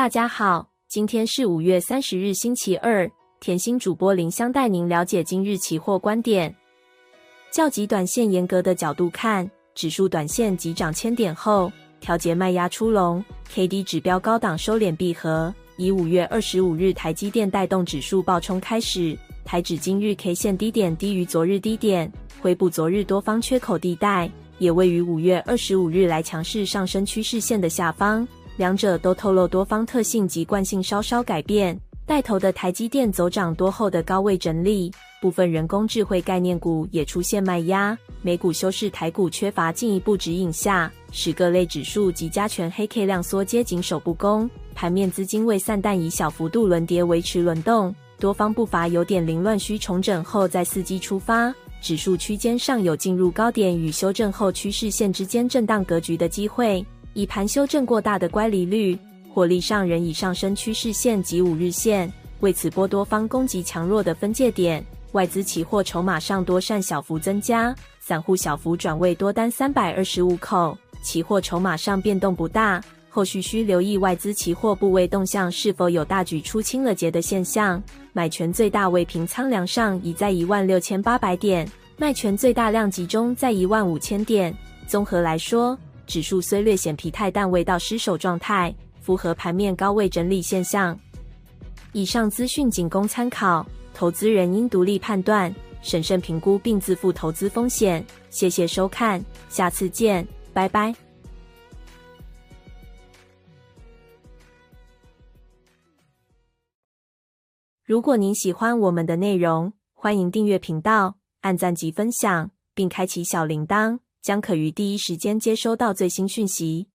大家好，今天是五月三十日，星期二。甜心主播林香帶您了解今日期貨觀點。較極短線嚴格的角度看，指數短線急漲千點後，調節賣壓出籠，K D 指標高檔收斂閉、閉合。以五月二十五日台積電帶動指數暴衝開始，台指今日 K 線低點低於昨日低點，回補昨日多方缺口地帶，也位於五月二十五日來強勢上升趨勢線的下方。兩者都透露多方特性及慣性稍稍改變，帶頭的台積電走漲多後的高位整理，部分人工智慧概念股也出現賣壓。美股休市台股缺乏進一步指引下，使各類指數及加權黑 K 量縮皆僅守不攻。盤面資金未散但以小幅度輪跌維持輪動，多方步伐有點凌亂，需重整後再伺機出發。指數區間尚有進入高點與修正後趨勢線之間震盪格局的機會。以盤修正過大的乖離率，火力上仍以上升趨勢線及五日線為此波多方攻擊強弱的分界點。外資期貨籌碼上多單小幅增加，散戶小幅轉為多單三百二十五口。期貨籌碼上變動不大，後續需留意外資期貨部位動向是否有大舉出清了結的現象。買權最大未平倉量上已在一萬六千八百點，賣權最大量集中在一萬五千點。綜合來說。指數雖略顯疲態，但未到失守狀態，符合盤面高位整理現象。以上資訊僅供參考，投資人應獨立判斷，審慎評估並自負投資風險。謝謝收看，下次見，拜拜。如果您喜歡我們的內容，歡迎訂閱頻道，按讚及分享，並開啟小鈴鐺，將可於第一時間接收到最新訊息。